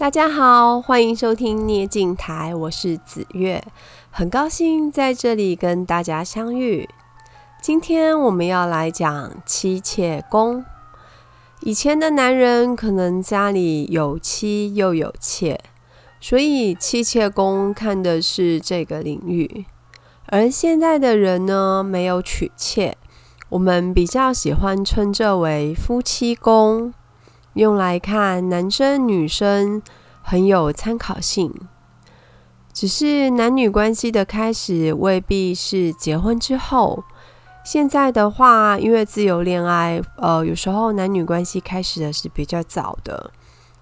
大家好，歡迎收聽聶靜台，我是紫玥，很高興在這裡跟大家相遇。今天我們要來講妻妾宮。以前的男人可能家裡有妻又有妾，所以妻妾宮看的是這個領域。而現在的人呢，沒有娶妾，我們比較喜歡稱這為夫妻宮。用來看男生女生很有參考性，只是男女關係的開始未必是結婚之後。現在的話，因為自由戀愛，呃，有時候男女關係開始的是比較早的。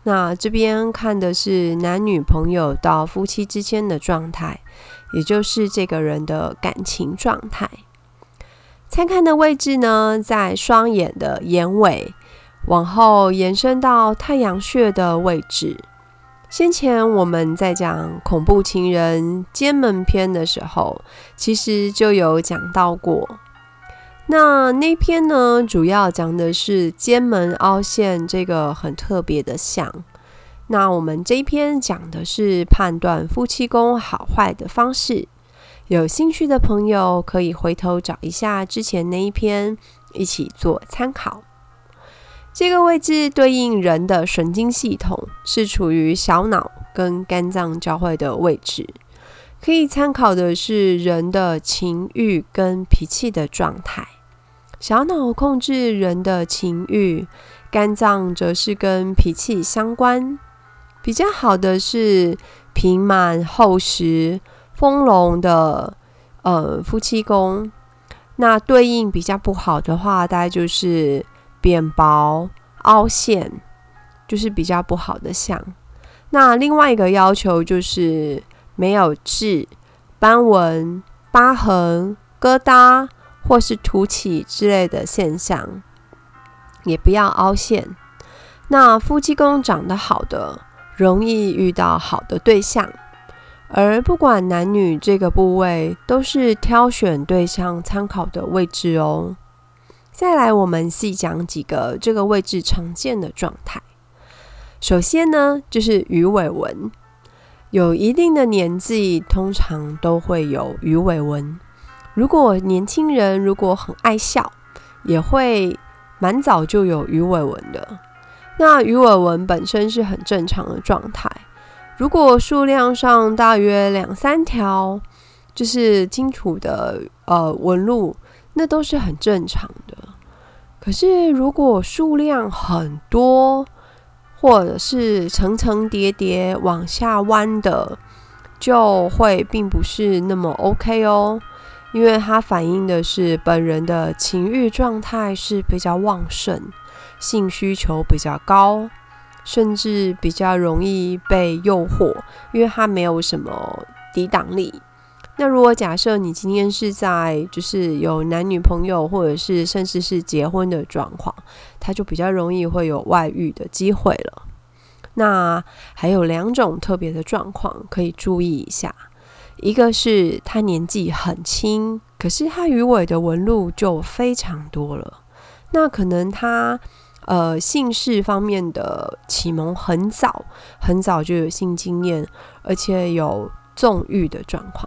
那這邊看的是男女朋友到夫妻之間的狀態，也就是這個人的感情狀態。參看的位置呢，在雙眼的眼尾。往後延伸到太陽穴的位置。先前我們在講《恐怖情人奸門篇》的時候，其實就有講到過。那那篇呢，主要講的是奸門凹陷這個很特別的相。那我們這一篇講的是判斷夫妻宮好壞的方式。有興趣的朋友可以回頭找一下之前那一篇，一起做參考。這個位置對應人的神經系統，是處於小腦跟肝臟交匯的位置。可以參考的是人的情欲跟脾氣的狀態。小腦控制人的情欲，肝臟則是跟脾氣相關。比較好的是平滿厚實豐隆的呃夫妻宮，那對應比較不好的話，大概就是。扁薄、凹陷，就是比較不好的相。那另外一個要求就是沒有痣、斑紋、疤痕、疙瘩或是凸起之類的現象，也不要凹陷。那夫妻宮長得好的，容易遇到好的對象。而不管男女，這個部位都是挑選對象參考的位置哦。再來，我們細講幾個這個位置常見的狀態。首先呢，就是魚尾紋，有一定的年紀通常都會有魚尾紋。如果年輕人如果很愛笑，也會蠻早就有魚尾紋的。那魚尾紋本身是很正常的狀態。如果數量上大約兩三條，就是清楚的呃紋路。那都是很正常的，可是如果數量很多，或者是層層疊疊往下彎的，就會並不是那麼 OK 哦，因為它反映的是本人的情欲狀態是比較旺盛，性需求比較高，甚至比較容易被誘惑，因為它沒有什麼抵擋力。那如果假設你今天是在就是有男女朋友，或者是甚至是結婚的狀況，他就比較容易會有外遇的機會了。那還有兩種特別的狀況可以注意一下，一個是他年紀很輕，可是他魚尾的紋路就非常多了。那可能他呃性事方面的啟蒙很早，很早就有性經驗，而且有縱欲的狀況。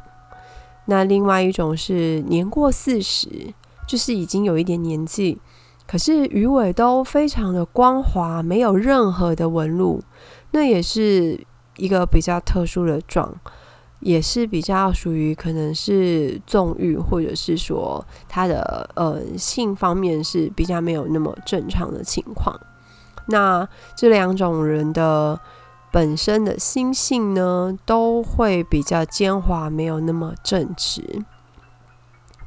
那另外一種是年過四十，就是已經有一點年紀，可是魚尾都非常的光滑，沒有任何的紋路，那也是一個比較特殊的狀，也是比較屬於可能是縱慾，或者是說他的呃性方面是比較沒有那麼正常的情況。那這兩種人的。本身的心性呢，都會比較奸猾，沒有那麼正直。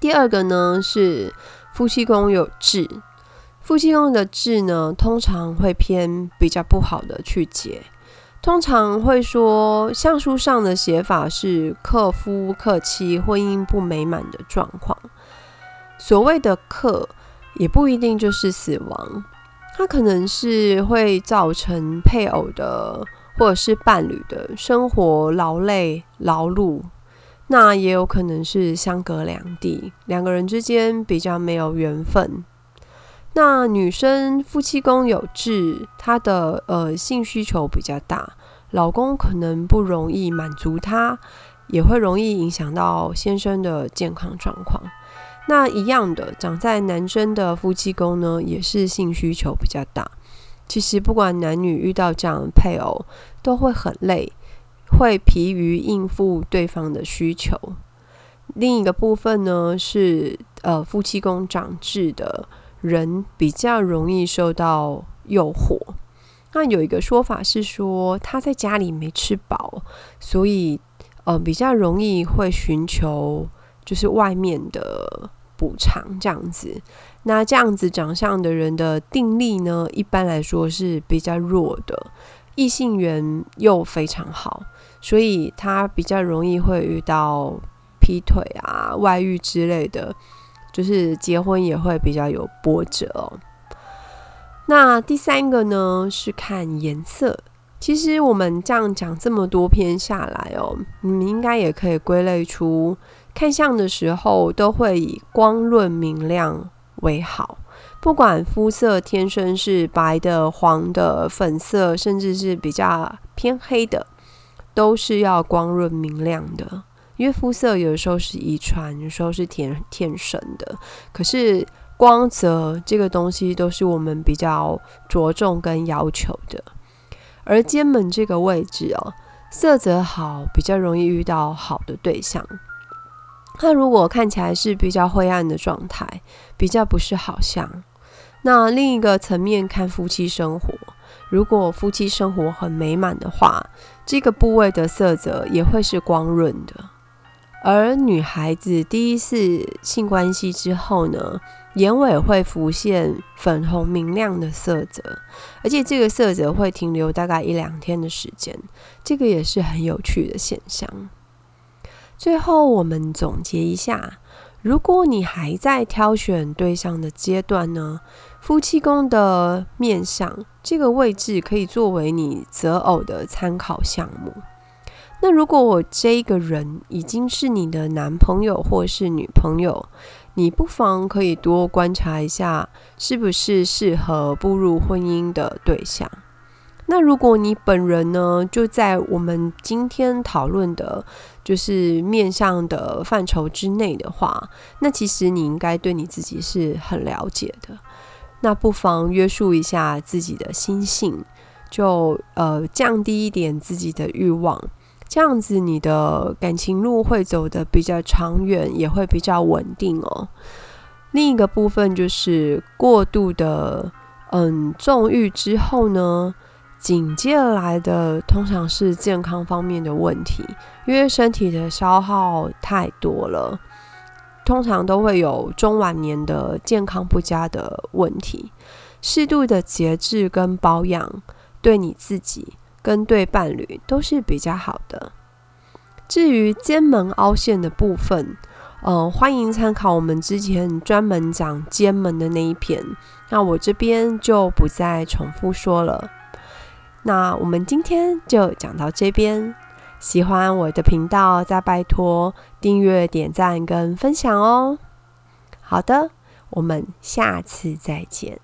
第二個呢是夫妻宮有痣，夫妻宮的痣呢，通常會偏比較不好的去解，通常會說相書上的寫法是克夫克妻，婚姻不美滿的狀況。所謂的克，也不一定就是死亡，它可能是會造成配偶的。或者是伴侶的生活勞累勞碌，那也有可能是相隔兩地，兩個人之間比較沒有緣分。那女生夫妻宮有痣，她的呃性需求比較大，老公可能不容易滿足她，也會容易影響到先生的健康狀況。那一樣的，長在男生的夫妻宮呢，也是性需求比較大。其實不管男女遇到這樣的配偶，都會很累，會疲於應付對方的需求。另一個部分呢，是呃夫妻宮長痣的人比較容易受到誘惑。那有一個說法是說，他在家裡沒吃飽，所以呃比較容易會尋求就是外面的。補償這樣子，那這樣子長相的人的定力呢，一般來說是比較弱的，異性緣又非常好，所以他比較容易會遇到劈腿啊、外遇之類的，就是結婚也會比較有波折。那第三個呢，是看顏色。其實我們這樣講這麼多篇下來哦，你們應該也可以歸類出看相的時候都會以光潤明亮為好，不管膚色天生是白的、黃的、粉色，甚至是比較偏黑的，都是要光潤明亮的。因為膚色有時候是遺傳，有時候是天天生的，可是光澤這個東西都是我們比較着重跟要求的。而奸門這個位置哦，色澤好，比較容易遇到好的對象。它如果看起來是比較灰暗的狀態，比較不是好相，那另一個層面看夫妻生活，如果夫妻生活很美滿的話，這個部位的色澤也會是光潤的。而女孩子第一次性關係之後呢，眼尾會浮現粉紅明亮的色澤，而且這個色澤會停留大概一兩天的時間，這個也是很有趣的現象。最後我們總結一下，如果你還在挑選對象的階段呢，夫妻宮的面相，這個位置可以作為你擇偶的參考項目。那如果我這個人已經是你的男朋友或是女朋友，你不妨可以多觀察一下，是不是適合步入婚姻的對象。那如果你本人呢，就在我們今天討論的，就是面向的範疇之內的話，那其實你應該對你自己是很了解的。那不妨約束一下自己的心性，就呃降低一點自己的慾望。這樣子，你的感情路會走得比較長遠，也會比較穩定哦。另一個部分就是過度的，嗯，縱慾之後呢，緊接來的通常是健康方面的問題，因為身體的消耗太多了，通常都會有中晚年的健康不佳的問題。適度的節制跟保養，對你自己。跟對伴侶都是比較好的。至於奸門凹陷的部分，嗯、呃，歡迎參考我們之前專門講奸門的那一篇，那我這邊就不再重複說了。那我們今天就講到這邊，喜歡我的頻道，再拜託訂閱、點讚跟分享哦。好的，我們下次再見。